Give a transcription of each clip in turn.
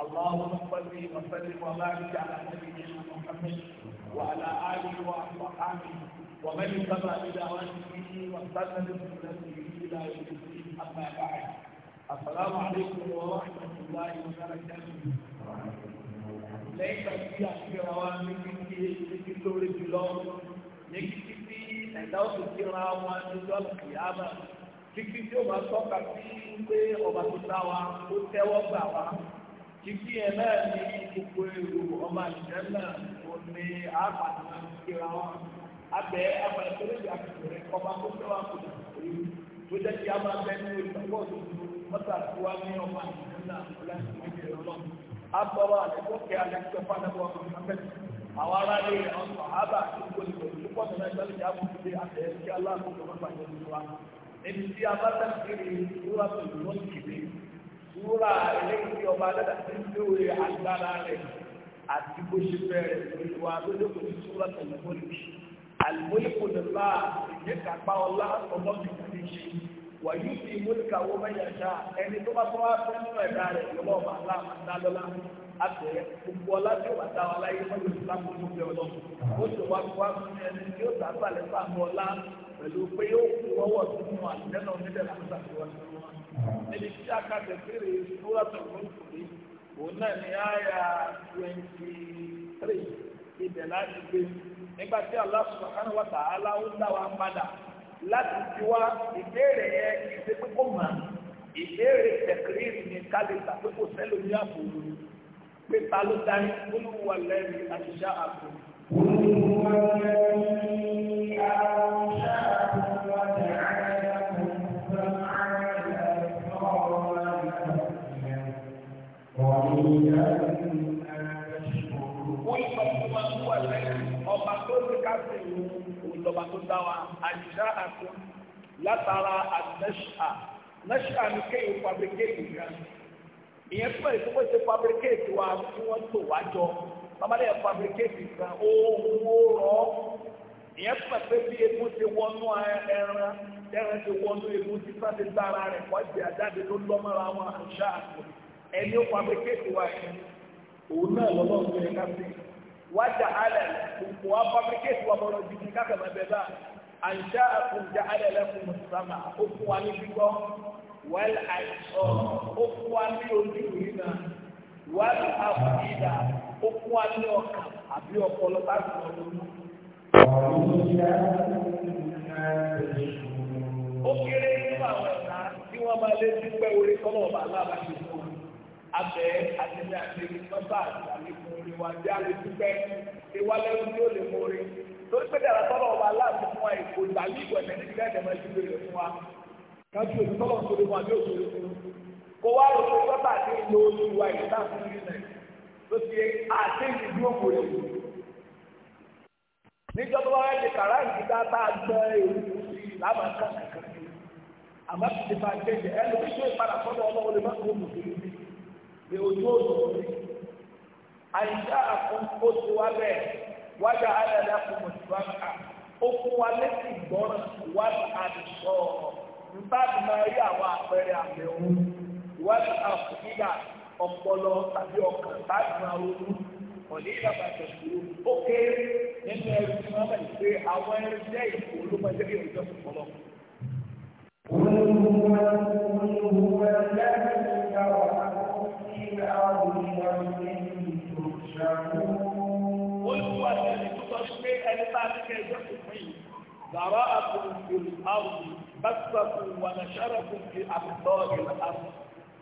اللهم صل وسلم وبارك على نبينا محمد وعلى اله وصحبه ومن اتبع بدعوته واستنى بسنته الى يوم الدين اما بعد السلام عليكم ورحمه الله وبركاته lẹ́yìn tí a ti ra wa ní kíkí kíkí lórí jùlọ ní kíkí tí ẹ̀dá òsì ti ra wa ní lọ́nà ìyáàmà kíkí tí ó máa tọ́ka sí pé ọba tó dá wa kíkí ẹ náà ní gbogbo èrò ọmọ àṣìṣẹ́ náà kò ní àbàtà kíra wọn abẹ abàtẹ́lẹ̀ yà kúrẹ́ ọba tó fẹ́ wà kúrò èyí tó jẹ́ kí a máa bẹ ní ìgbàgbọ́ tuntun mọ́tà tó wá ní ọmọ àṣìṣẹ́ náà kó láti ní ìrẹ̀ lọ. abọ́wọ́ àdẹ́kọ́ kí alẹ́kọ́ fàdàbọ̀ mohammed àwọn ará lè àwọn sàhábà tó gbòdìgbò tó pọ̀ nínú ìgbàlejò àbùkùdé àtẹ̀ kí aláàbò tó mọ́ wúrà eléyìí tí ọba dada ti ń lóore agbára rẹ̀ àti bó ṣe bẹ̀rẹ̀ olùwà lójókòó ní súnmọ́ tẹ̀lé mọ́lìkì àlùmọ́lìkù nípa ìdíkàpá ọlá ọmọ mi kò ní ṣe wàyí ti mọ́lìkà wọ́n mẹ́yàṣá ẹni tó bá tọ́wọ́ fẹ́ nínú ẹ̀dá rẹ̀ lọ́wọ́ ọba aláàmọ́dálọ́lá àtẹ gbogbo ọlá tí ó bá dá wa láyé mọ́lìkù lápò tó bẹ̀rẹ̀ lọ pẹ̀lú pé ó kú ọwọ́ sínú àtẹ́nà onílẹ̀ làkúta tí wọ́n ti wọ́n. níbi tí a ká tẹ̀síre lóòótọ́ ló ń kùnrin òun náà ní àyà twenty three ibẹ̀ láti gbé nígbà tí Allah subhanahu wa ta'ala ń dá wa padà láti fi wá ìbéèrè yẹn ìṣe pípọ̀ mọ́ ìbéèrè tẹ̀kírí ní kálí ìtàkùn kò sẹ́lómi àpò pé ló dání olúwa àṣìṣe àpò. ọba tó dá wa àyíká àti látara àtẹ́ṣà lẹ́ṣà ní kéyìn fabricate nǹkan o que ẹ̀sìn wọ́n ṣe fabricate wa tí wọ́n tò wá jọ babalẹ̀ ẹ̀ fabricate kan owó rọ ìyẹn tó pàṣẹ bí egun ti wọnú ẹran ẹran ti wọnú egun ti sáfẹ́ gbára rẹ̀ wọ́n ti àjáde ló lọ́mọ́ra wọn àṣà àpò ẹni ó fabricate wa yẹn òun náà lọ́wọ́ ń gbé ká sí wájà alẹ̀ kò wá fabricate wa bọ̀rọ̀ jìbì kákàmọ́ ẹ̀bẹ̀ bá àṣà àpò jà alẹ̀ lẹ́kùn sàmà ó fún wa ní gbígbọ́ wẹ́l àìsàn ó fún wa ní ojú ìrìnà wẹ́l àpò ìdá ó fún wa ní ọkàn àbí ọpọlọ láti lọ lórí. ó kéré nínú àwọn ẹ̀ka tí wọ́n máa lé sí pẹ́ orí kọ́mọ̀ ọba aláàbáṣe fún wa abẹ àtẹlẹ àtẹlẹ sọ́tà àlékún orí wa bí àlékún pẹ́ ìwálẹ́rú tí ó lè mú orí torí pé dára sọ́dọ̀ ọba aláàbò fún wa èkó ìgbàlú ìwẹ̀ mẹ́rin ní ẹ̀jẹ̀ máa ṣubú rẹ̀ fún wa kájú òṣìṣẹ́ ọ̀ṣọ́rẹ́ wọn àbí òṣèré fún un kó wá òṣèré sọ́tà àti ìlú ló ti yẹ níjọba wáyé kàrá bá a gbọ́ èrò sí làbàtà kankan àmọ́ ti ti fa kéde ẹ lórí tó ìpadà sọ́dọ̀ ọlọ́wọ́ lè má kó ní ojú àyíká àkún oṣù wa bẹ́ẹ̀ wájà ayẹyẹ ó fún wa létí àwọn àpẹẹrẹ ọpọlọ tàbí ọkàn láti máa ronú ọ̀lẹ́ ìdàgbà ìṣòro ó kéré nínú ẹrù tí wọ́n bẹ̀rẹ̀ pé àwọn ẹrù jẹ́ ìkó ló máa jẹ́ bí òjò ọpọlọ. Olúwa ti ẹni tó sọ pé ẹni bá ti kẹ́ ẹjọ́ tó fún yìí. Bàbá àkùnrin ìlú àrùn, bá ti sọ fún wa, nàṣẹ́rọ̀ fún ti àbùdó ìlú àrùn.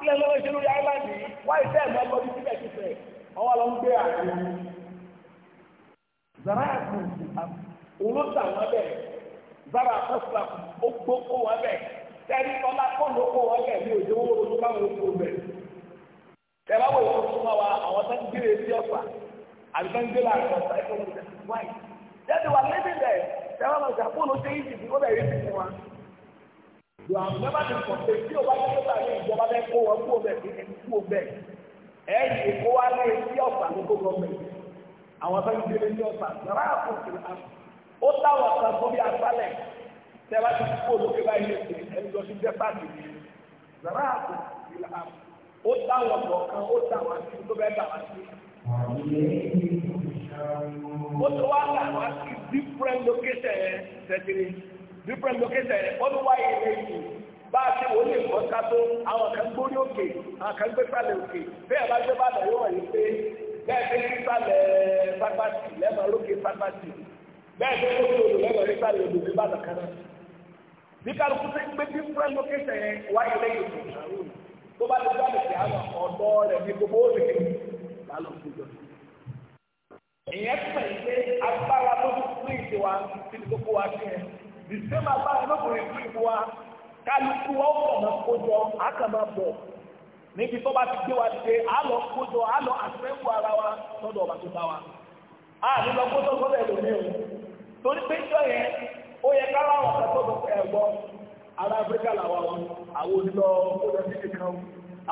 kílẹ̀ lọ́wọ́ ìṣe lórí áìláńdì yìí wáyé tẹ́ ẹ̀mọ́ ẹgbọ́n ní síbẹ̀ síbẹ̀ ọwọ́ lọ ń gbé àjò zara àgùn olóta wọn bẹ̀ zara àkọsílà ó gbó kó wọn bẹ̀ tẹ́lí ọlá kọ́ńdó kó wọn bẹ̀ ní òjò owó lọ́wọ́ báwọn ó kó bẹ̀ tẹ́lá wò ó súnmọ́ wa àwọn tó ń gbé etí ọ̀fà àbí ń gbé láàrin ọ̀fà ẹ̀kọ́ wọn do àwọn yaba ti sọ pé tí o bá yẹ kó ní ìjọba bẹ kó wọn kó bẹ kí ẹni kó bẹ ẹ yìí kó wá lé sí ọ̀sà lóko gọ́ọ̀mẹ̀ntì àwọn bá ń gbé ní ọ̀sà sọ̀rọ̀ àpò kiri àpò ó táwọn ọ̀sà sórí asálẹ̀ tẹ́ bá ti kó lókè báyìí lè ṣe ẹni lọ sí jẹ́ pàdé ní sọ̀rọ̀ àpò kiri àpò ó táwọn ọ̀kan ó táwọn àti tó bẹ́ẹ̀ tà sí. ó ti wá tà wá sí different location ẹ̀ sẹ́kiri different location wọ́n wá ilé yìí bá a ṣe wò lè kọ́ tó àwọn kan gbórí òkè àwọn kan gbé sálẹ̀ òkè bẹ́ẹ̀ bá gbé bàdà yóò wáyé pé bẹ́ẹ̀ bẹ́ẹ̀ gbé sálẹ̀ pápátì lẹ́mọ̀ lókè pápátì bẹ́ẹ̀ bẹ́ẹ̀ gbé olù lẹ́mọ̀ lé sálẹ̀ olù gbé bàdà kan náà. bí kálukú ṣe ń gbé different location yẹn wá ilé yìí kò sàrò tó bá ti gbàgbé sí àwọn ọ̀dọ́ rẹ̀ ní gbogbo òde ìyẹn pẹ̀lú agbára tó ti pín ìṣe tí gbogbo wa fi hàn dìsẹ́mbà bá ẹ wa kálukú wa ó pọ̀ mọ́ kójọ bọ̀ níbi tó bá ti gbé wa dìde á kójọ á lọ ara wa sọ́dọ̀ ọba tó bá wa á ní lọ kójọ sọ́dọ̀ o torí pé ìjọ yẹn ó yẹ ká láwọn ọ̀sẹ̀ tó ara làwa o àwọn onílọ kójọ sí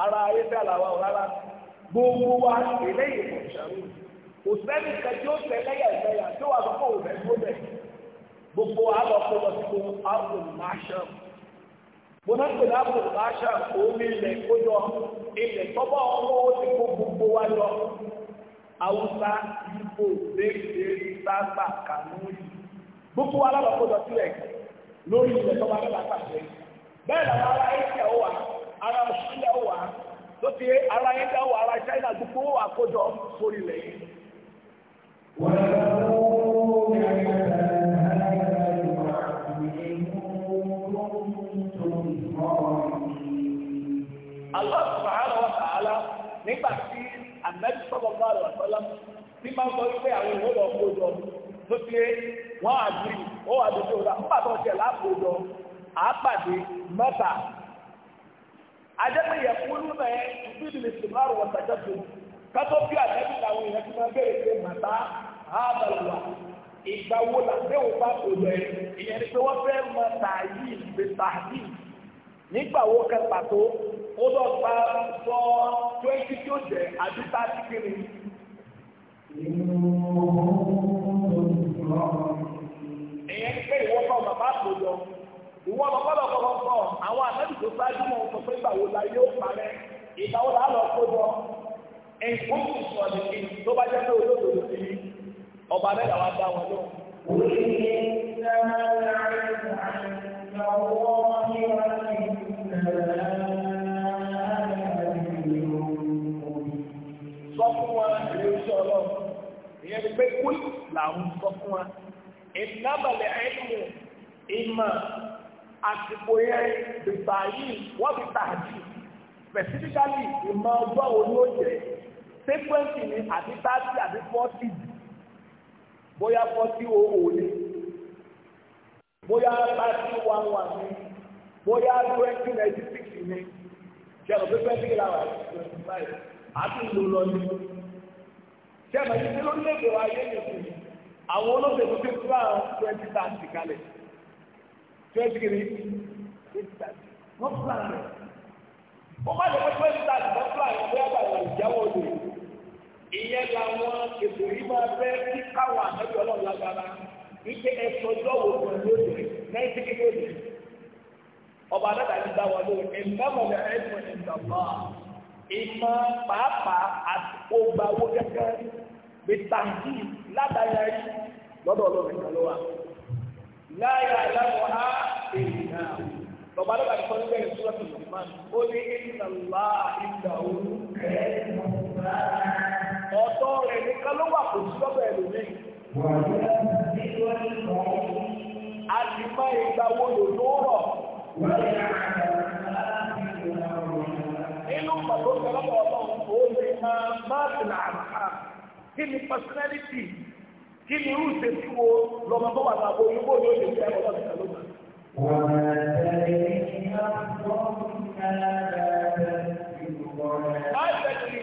ara làwa o rárá gbogbo wa kò gbogbo alọ́pọ̀lọ́ sí kò áwùn máṣá gbọ́nàpẹ̀lú áwùn máṣá omi ilẹ̀ kójọ ilẹ̀ tọ́bọ̀ ọmọ ó ti kó gbogbo wa lọ haúsá ibo léèrè sábà kànúrì gbogbo alọ́pọ̀lọ́ sílẹ̀ lórí ilẹ̀ tọ́bọ̀ abẹ́lá pàṣẹ bẹ́ẹ̀ làwọn ará ẹ̀ṣẹ̀ ó wà ará ọ̀ṣunlẹ̀ ó wà tó ti ará ẹ̀ṣẹ̀ ó wà ará China gbogbo ó wà kójọ sórí ilẹ̀ yìí. wọ́n yára wọ́n yára Allah subhanahu wa ta'ala nígbà tí Ànábì sallallahu alaihi wasallam tí máa ń sọ wípé àwọn ìwé lọ kó jọ ló ti lé wọn àdúrí ó wà lójú ọ̀la nígbà tó ṣe láàpò jọ àápàdé mẹ́ta ajẹ́pẹ̀yẹ kúlú náà ẹ̀ tùbídìí lè sùn márùn wọn tàjọ́ tó kátó bí Ànábì làwọn èèyàn wo la fẹ́ wò bá kò lọ ìyẹn ni pé wọ́n fẹ́ mọ tààyè ìgbésà yìí nígbà wo kẹ́ pàtó ó lọ gba sọ twenty tí ó jẹ àti thirty kiri. ìyẹn pé ìwọ kọ bàbá àtòjọ ìwọ ọlọpọlọ kọkọ sọ àwọn àtẹ̀jù tó ṣáájú mọ̀ sọ pé ìgbà wo la yóò parẹ́ ìgbà wo la lọ kó jọ nǹkan kò sọ nìyí tó bá jẹ́ pé olóòtú ti ọba rẹ̀ làwọn dá wọn lóhùn. Olùyẹ̀ fún wa èrè oṣù ọlọ́run ìyẹn ti pé kú làwọn sọ fún wa ìnábàlẹ̀ ẹ̀mú ìmọ̀ àsìkò yẹn bìbà yìí wọ́n fi tààjì specifically ìmọ̀ ọgbọ́n wo ni ó jẹ́ sequence ni àti thirty àti forty bóyá forty o ò ní bóyá thirty one one ní bóyá twenty ninety six ní ṣe àlọ́ pé twenty five àti ìlú lọ ní. Ṣé ẹ̀mọ̀ yìí tí lórílẹ̀-èdè wa yé èdè fún mi? Àwọn olóṣèlú ti fún àwọn twenty thirty kalẹ̀. Twenty kiri twenty thirty. Wọ́n fún àwọn rẹ̀. Wọ́n má lè fẹ́ twenty thirty wọ́n fún àwọn ẹgbẹ́ àgbà ìwà ìjáwọ́ òde. Ìyẹn làwọn ètò yìí máa fẹ́ kí káwọn àtẹ́jú ọlọ́run lágbára. Ike ẹ̀sọ́ ìjọ́wò kan lóde, náà ti kékeré. Ọba Adáda ti dá wọn lórí, ìmọ̀mọ̀ ìmọ̀ pàápàá àgbà owó gẹ́gẹ́ bí tàǹtì ládàáyà yìí lọ́dọ̀ ọlọ́run ìgbà ló wà. láyà ìlànà á èyí náà lọ́ba lọ́ba ní kọ́ni bẹ́ẹ̀ sọ́dọ̀ tó lè máa ó ní ìlànà ìgbà òru ọ̀tọ̀ rẹ̀ nìkan ló kò sí lọ́bẹ̀ ẹlòmíì. a sì máa ìgbà wo lò lórọ̀. tó ń tọ́lọ́pọ̀ ọlọ́run kí ni personality kí ni wo lọ́mọ tó wà láàbò yúgbó ni ó lè fi ẹ̀rọ lọ́sẹ̀ lọ́sẹ̀. wọ́n tẹ̀lé ní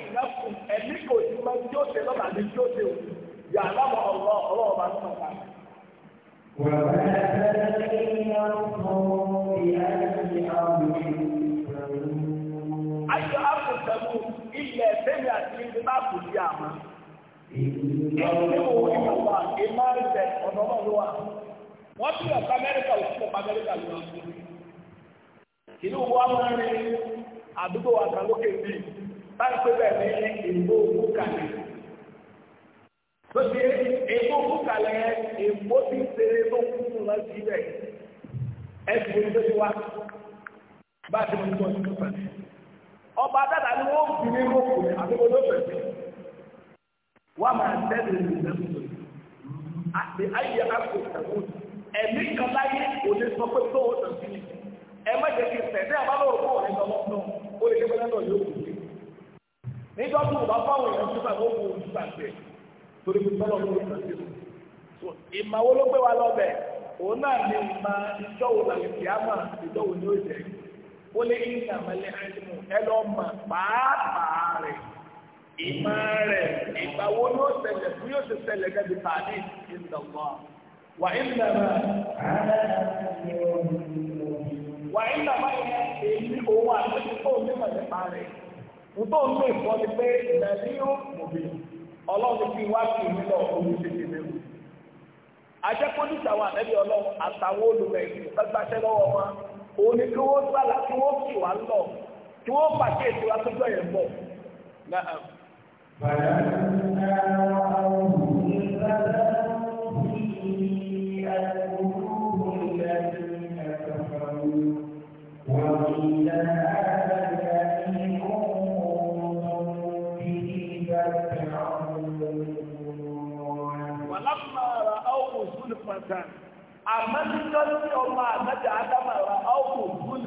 ẹ̀mí kò sí máa tí ó ṣe lọ́la ní tí ó ṣe yà láwọn ọ̀rọ̀ ọ̀rọ̀ ọba tó máa bá. wọ́n tẹ̀lé ní àwọn ọmọ ìyá ilẹ̀ tẹ́lẹ̀ àti ilé bá kù sí àmọ́. Ẹni wo ni mo wà ní Márùsẹ̀ ọ̀nà ọmọ ló wà? Wọ́n ti lọ sí Amẹ́ríkà ò sí ọ̀pá Amẹ́ríkà ló wà. Ìlú wa máa ń rin àdúgbò àtàlókè bí báyìí pé bẹ́ẹ̀ ní ìbò kúkàlẹ̀. Tó ti ìbò kúkàlẹ̀ ìbò ti ṣeré tó kúkú lọ síbẹ̀. Ẹ̀sìn ìbò ti wá. Bá a ti mú ìbò ti kúkàlẹ̀ ọba dada ni wọ́n fi ní mọ́kù ní àdébọ́dọ́ fẹ̀fẹ̀ wọ́n máa tẹ́lẹ̀ ní ìlẹ́kùn àti ayé àpò ìtẹ̀kùn ẹ̀mí kan láyé òde sọ pé tó wọ́n tẹ̀sí ni ẹ má jẹ́ kí sẹ̀dẹ́ àbálòrò fún òní lọ́wọ́ náà ó lè débẹ́ lọ́dọ̀ yóò kù nígbà tó bá fáwọn èèyàn tó bá wọ́n kú ojú sàgbẹ̀ torí pé tọ́lọ́ ló ń tẹ̀sí ni ìmọ̀ wo ló gbé wa lọ bẹ̀ òun náà ni ìmọ̀ ìjọ́wò làlùkìá mà ìjọ́wò ni ó jẹ́ ó lé ní ìsàmọ́lé ẹ̀dínmù pàápàá rẹ̀ ìmọ̀ rẹ̀ ìgbà wo ni fún yóò ṣe ṣẹlẹ̀ gẹ́gẹ́ pàdé ìdọ̀gbọ́ wà ìlànà wà ìlànà èyí òun àti tó ní rẹ̀ ni pé yóò ọlọ́run fi wá sí òun ni kí wọ́n sálà kí wọ́n fi wá lọ kí wọ́n pàṣẹ ètò àtúntò yẹn bọ̀. Bàbá mi ká àwọn ìgbà tó ń fi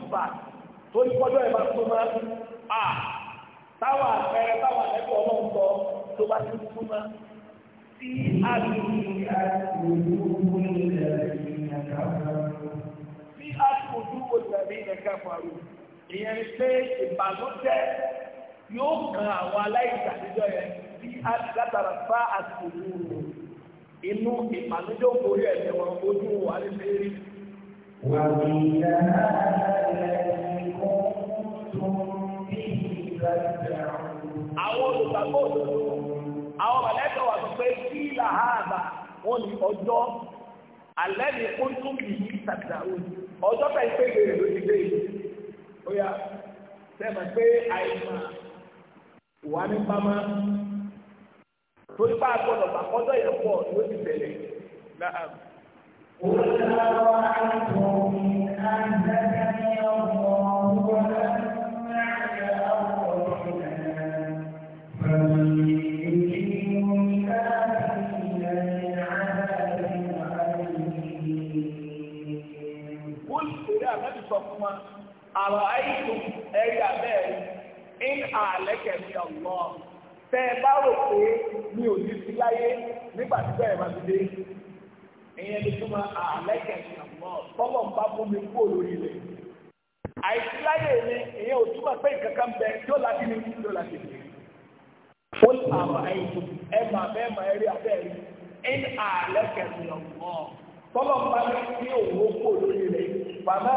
ìfà tó ní kọjọ́ ẹ̀ bá tó máa à táwa àpẹẹrẹ táwa ẹ̀kọ́ ọlọ́run sọ tó bá ti tó máa tí a lè ní àtòjú tí a tòjú wo tàbí ẹ̀ka faru ìyẹn ni pé ìbànújẹ́ yóò kan àwọn aláìsàdéjọ́ yẹn tí a ti látara bá àtòjú inú ìbànújẹ́ òkòrí ẹ̀jẹ̀ wọn ojú wà ní fèrè. وقيل هذا الذي كنتم به تدعون àwọn olùgbàgbọ́ òdodo àwọn mọ̀lẹ́kọ̀ wà sọ pé kí làhàbà wọn ni ọjọ́ alẹ́ ní kóńtùn bì í tàdàrún ọjọ́ bẹ́ẹ̀ pé ìbéèrè ló ti béèrè ó yà sẹ́mi pé àìmọ̀ ìwà ní pamọ́ torí bá a gbọ́dọ̀ bá kọ́jọ́ ló ti bẹ̀rẹ̀ láàbù. قل أرأيتم من أهل ó lè àwọn ẹ̀yìn ẹ̀ máa bẹ́ẹ̀ máa rí abẹ́rẹ́ ẹ̀yìn ààlẹ́ kẹ̀sì ọ̀gbọ́n tọ́lọ̀ bá ní kí òwò kò lórí rẹ̀ bàbá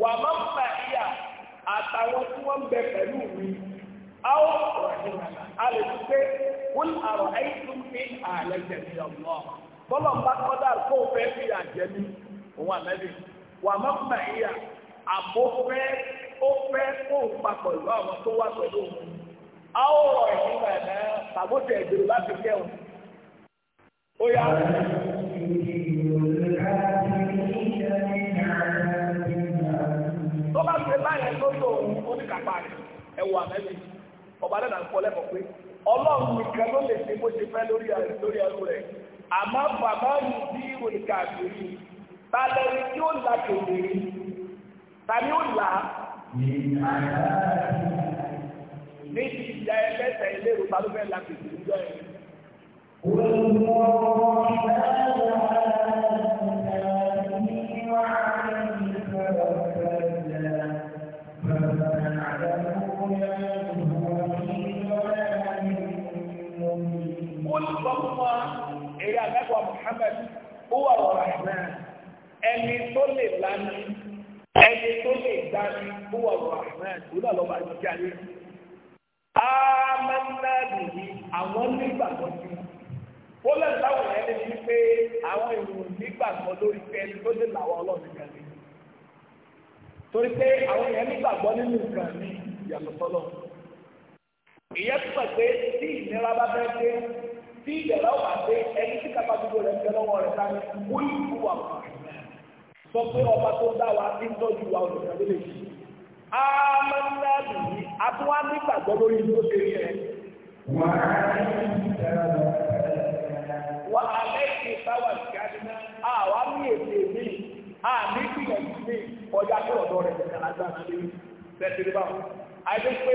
wà má mà ìyà àtàwọn tí wọ́n bẹ pẹ̀lú mi áwọ̀ ọ̀rọ̀ ìrànlá a lè fi pé wọ́n àrọ̀ ẹ̀yìn tó ń fi ààlẹ́ kẹ̀sì ọ̀gbọ́n tọ́lọ̀ bá kọ́dà kó fẹ́ fi àjẹmí òun àmẹ́bí wà má mà ìyà àbó fẹ́ẹ́ ó fẹ́ kóun papọ̀ ìlú àwọn tó wá pẹ̀lú òun a ó rọ ẹ̀sìn rẹ̀ náà tàbótì ẹ̀dùn láti kẹ́hùn. ó yà á. tó bá ṣe báyẹn tó tó oníkàpá rẹ̀ ẹ̀wọ̀ àmẹ́lì ọba dàda ń kọ́ lẹ́kọ̀ọ́ pé ọlọ́run nìkan ló lè ṣe bó ṣe fẹ́ lórí ẹrú rẹ̀ àmọ́ bàbá mi bí ìròyìn kàbíyèsí ta lẹ́ni tí ó là kèdè tani ó là á. Méjì ìyá ẹlẹ́sẹ̀ ilé ìrùbá ló fẹ́ la pèsè níjọ́ ẹ̀. Olùkọ́kọ́ èrè àgbẹ̀kọ̀ Mùhàmmad, ẹni tó lè lánìí ẹni tó lè dání kó wà wà náà kó náà lọ́ba jíjá yé ámánàbì yìí àwọn nígbàgbọ́ sí i ó lẹ́nu táwọn yẹn lè fi pé àwọn ìròyìn nígbàgbọ́ lórí pé ẹni tó lè làwọn ọlọ́run kan ní torí pé àwọn yẹn nígbàgbọ́ nínú nǹkan ní ìyàtọ̀ sọ́lọ́ ìyẹn tó pẹ̀ pé tí ìnira bá fẹ́ dé tí ìdẹ̀rẹ́ ọ̀bà dé ẹni tí kápá gbogbo rẹ̀ ń bẹ lọ́wọ́ rẹ̀ sáré sọ pé ọba tó dá wa ní tọ́jú wa olùkọ́ lè ṣe. Amọ́nàbì yìí, a tún wá nígbàgbọ́ lórí ìlú òkè rẹ̀. Wà á lẹ́sìn táwa sí Adina, àwa ní èdè mi, àmì ìgbìyànjú mi, ọjà tó ọ̀dọ́ rẹ̀ tẹ̀lé agbára lé tẹ̀lé bá wọn. Àìdí pé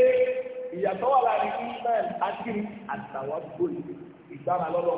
ìyàtọ̀ wà láàrin Ismail àti àtàwọn gbòòlù ìgbára lọ́lọ́.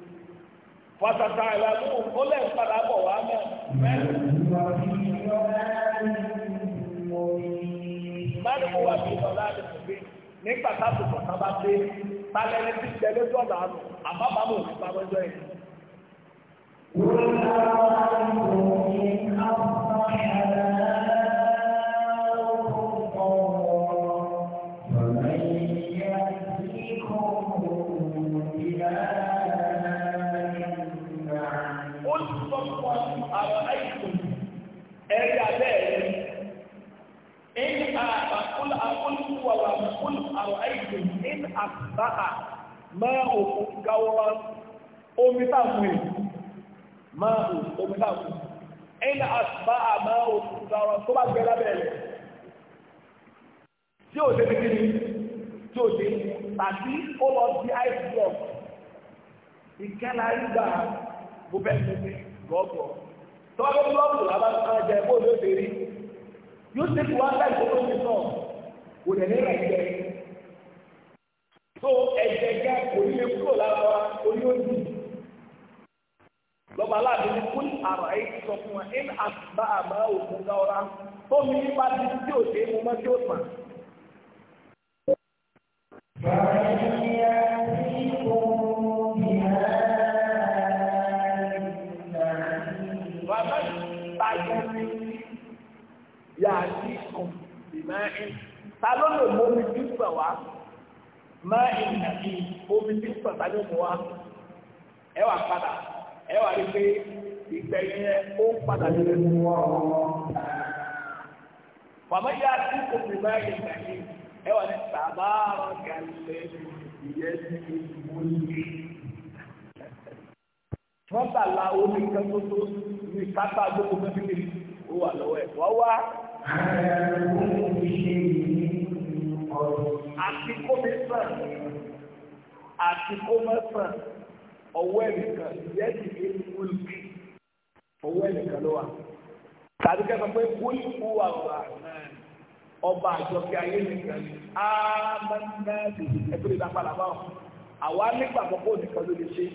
wàtàtà ìlànà ó lè padà bọ̀ wá mẹ́. Báyọ̀ mo wà bí ìlọ́lá rẹ̀ pé nígbà táàbù kọ̀ọ̀kan bá dé balẹ̀ ní ti jẹ lójú ọ̀nà àná àbábàmọ̀ òní yìí. àbáhà máa òkú gáwọ́rọ́ omi táàmù ẹ̀ máa òkú omi táàmù ẹ̀yìn àbáhà máa òkú gáwọ́rọ́ tó bá gbẹ lábẹ́rẹ̀ tí ò dé kékeré tí ò dé tàbí ó lọ sí ice block ìkẹ́lá ìgbà gbogbo ẹ̀ gbọ́gbọ́ tó bá gbé blọọkù làbá jẹ bóyá ó yóò ṣe kí wọn á tó ẹ̀jẹ̀ gá onílé kúrò lára di lọ́ba aláàbí ní kún àrà yìí ti sọ fún wa in àtúbà àmà òkun gáwọ́rá tó mi ní bá ti tí ò dé mo mọ́ tí ó tàn. Yàtí kan ìmáyé ta ló lè mú mi dúpẹ́ wá? máa ìrìnà bí omi tí pàtà ní òmùwá ẹ wà padà ẹ wà rí pé ìgbẹ̀yìn ẹ ó padà ní òmùwá wàmọ yà tí omi máa ìrìnà bí ẹ wà ní sàbáàrọ gàlẹ ìyẹn ti ìmúlẹ rọ́bà la omi kan tó tó ní kápá gbogbo mẹ́fìlì ó wà lọ́wọ́ ẹ̀ wá wá àti kó mi sàn àti kó mọ́ sàn ọwọ́ ẹ̀nìkan ìyẹn ti fi wúlùkì ọwọ́ ẹ̀nìkan ló wà. tàbí kẹ́kọ̀ọ́ pé wúlùkù wà wà ọba àjọkẹ́ ayé nìkan ni ámánná ẹgbẹ́ ìlà palaba ọ̀ àwa nígbà àkọ́kọ́ nìkan ló lè ṣe.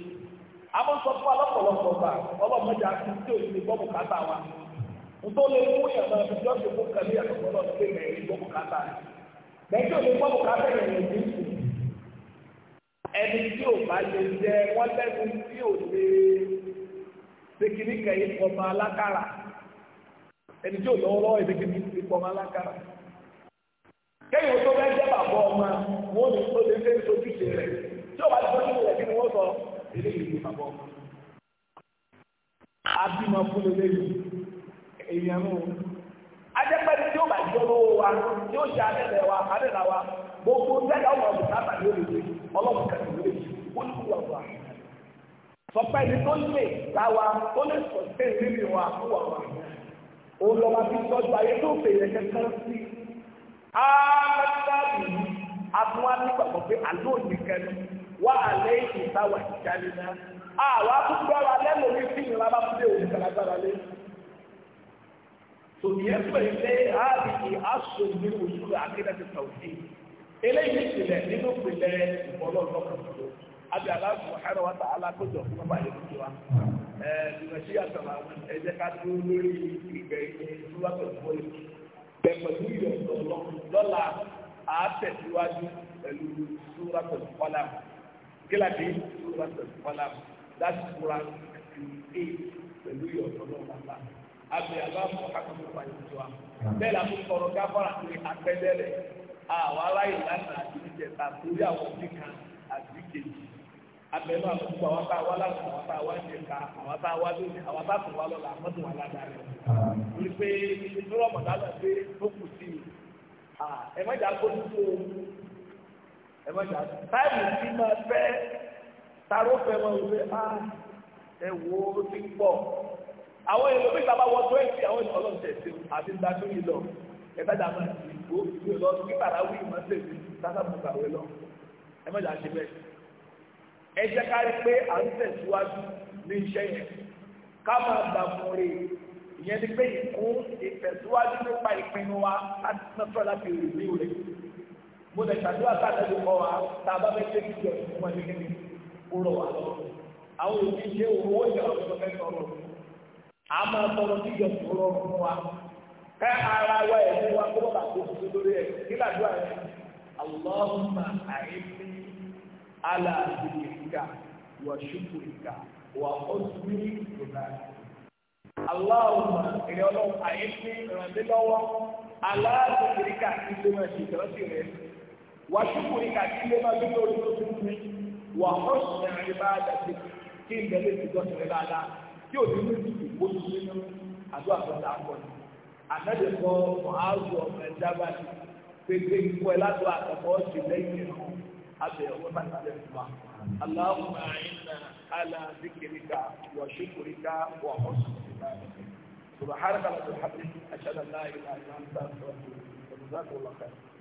amọ̀sọ fún alọ́pọ̀lọpọ̀ gbà ọlọ́mọdé àti tí ò ní gbọ́mù kátà wa. ntọ́ lè ìyàtọ̀ àti fún kàlí àtọ̀pọ̀lọ́ bẹ́ẹ̀ tí o lè gbọ́ bùkátà yẹn lè ní sùn ẹni tí o bá lè jẹ wọ́n lẹ́nu tí o lè ṣèkìní kẹ̀yìn alákàrà ẹni tí o lọ́wọ́ lọ́wọ́ ìṣèkìní pọ̀mọ́ alákàrà kẹ́yìn o tó bẹ́ẹ̀ jẹ́ bàbá ọmọ wọn ò ní tó lè fẹ́ sojúṣe rẹ̀ tí o bá lè àjọlówó wa yóò ṣe adẹ́lẹ̀ wa adẹ́lẹ̀ wa gbogbo tẹ́lẹ̀ ọmọ ọ̀gbìn náà tàbí olùdó ọlọ́run kẹsì ló lè ṣe ó ní wà wà. sọpẹ́ ẹni tó lè gbà wa tó lè sọ sí ìrírí wa ó wà wà. ó lọ máa fi tọ́jú ayé tó fèrè kankan sí. áádáàbì àtúwá nígbàgbọ́ pé àlọ́ òní kẹnu wà alẹ́ ìtàwà ìjálẹ̀ náà. àwa tó gbọ́ra lẹ́nu orí fíìmù tò ní ẹgbẹ́ ilé ààbìyí aṣọ ìlú òṣù àkídàtì tàwùsí eléyìí ìpìlẹ̀ nínú ìpìlẹ̀ ìbọ̀lọ́ lọ́kàtúndó àbí aláàbò ọ̀hánà wa tà alákòjọ fún ọba ìlú tiwa ẹ ìrìnàṣí àtàwọn ẹ jẹ́ ká dúró lórí ìgbẹ́ ìlúwàtò ìfọyì pẹ̀pẹ̀lú ìyọ̀tọ̀ lọ́la àátẹ̀síwájú pẹ̀lú súrátọ̀ ìfọlá kílàdé súrátọ̀ ìfọlá láti kúra ìdí pẹ̀lú ìyọ̀tọ̀ lọ́la abẹ abáfọ akọkọ àyùjọ bẹ́ẹ̀ la fún kọrọ gáfárà pé apẹlẹ àwọn aláyè lánàá àti ìjẹta àwọn òbí kan àti kejì abẹnú àkókò àwọn bá wà lánàá àwọn bá wà jẹta àwọn bá bá lọ́la ládàá wọ́n mọ̀tà lọ pé ó kù sí i ẹ má jà kó dúró àwọn èèyàn bí bàbá wọ twenty àwọn èèyàn ọlọ́run tẹ̀sí àti ìdájọ́ yìí lọ ẹ bá dà máa ti ìgbó ìgbó lọ́dún kí bàrà wí ìmọ̀ tẹ̀sí sábà mú bàwẹ̀ lọ ẹ má jà ṣe bẹ́ẹ̀. ẹ jẹ́ ká rí pé à ń tẹ̀síwájú ní iṣẹ́ yẹn ká máa gbà fún rè ìyẹn ni pé ìkún ìtẹ̀síwájú nípa ìpinnu wa láti mọ́tò láti rè ní òrè mo lè ṣàdúrà káàkiri kọ́ wa tá a bá fẹ́ ṣe kíkọ́ ìfún wọn ní kíni kúrò wà lọ àwọn òbí ṣe òwò ìjọba ìjọba ìjọba a máa tọrọ jíjọ fún ọ fún wa kẹ ara wa ẹ ní wa kó bàbá tó tó lórí ẹ nígbà tó àyẹ Allahumma àìní aláàbìyèkà wà ṣùkùrìkà wà ọ̀sùnmí ìgbà Allahumma ìrẹ̀ ọlọ́run àìní ìrànlélọ́wọ́ aláàbìyèkà kí ló máa ṣe ìtọ́sí rẹ wà ṣùkùrìkà kí ló máa gbé lórí tó wà ọ̀sùnmí ìrànlélọ́wọ́ kí n bẹ̀rẹ̀ ìtọ́sí rẹ tí òní ní ti kò kó sí nínú àdó àkọsà akọni àtẹ̀lẹ̀ kọ́ mọ̀háàzù ọmọ ẹ̀dá bá ti pépé kọ́ ẹ ládùú àtọ̀kọ́ ọ̀sẹ̀ lẹ́yìn ẹ̀rọ abẹ́ ọ̀wọ́ bàtà lẹ́ fún wa. aláwọ̀ àyìnà àlà zikirika wà ṣukurika wà ọ̀sùnkìlá subahana kala tó hàbí aṣáná láàyè láàyè náà ń tà sọ̀rọ̀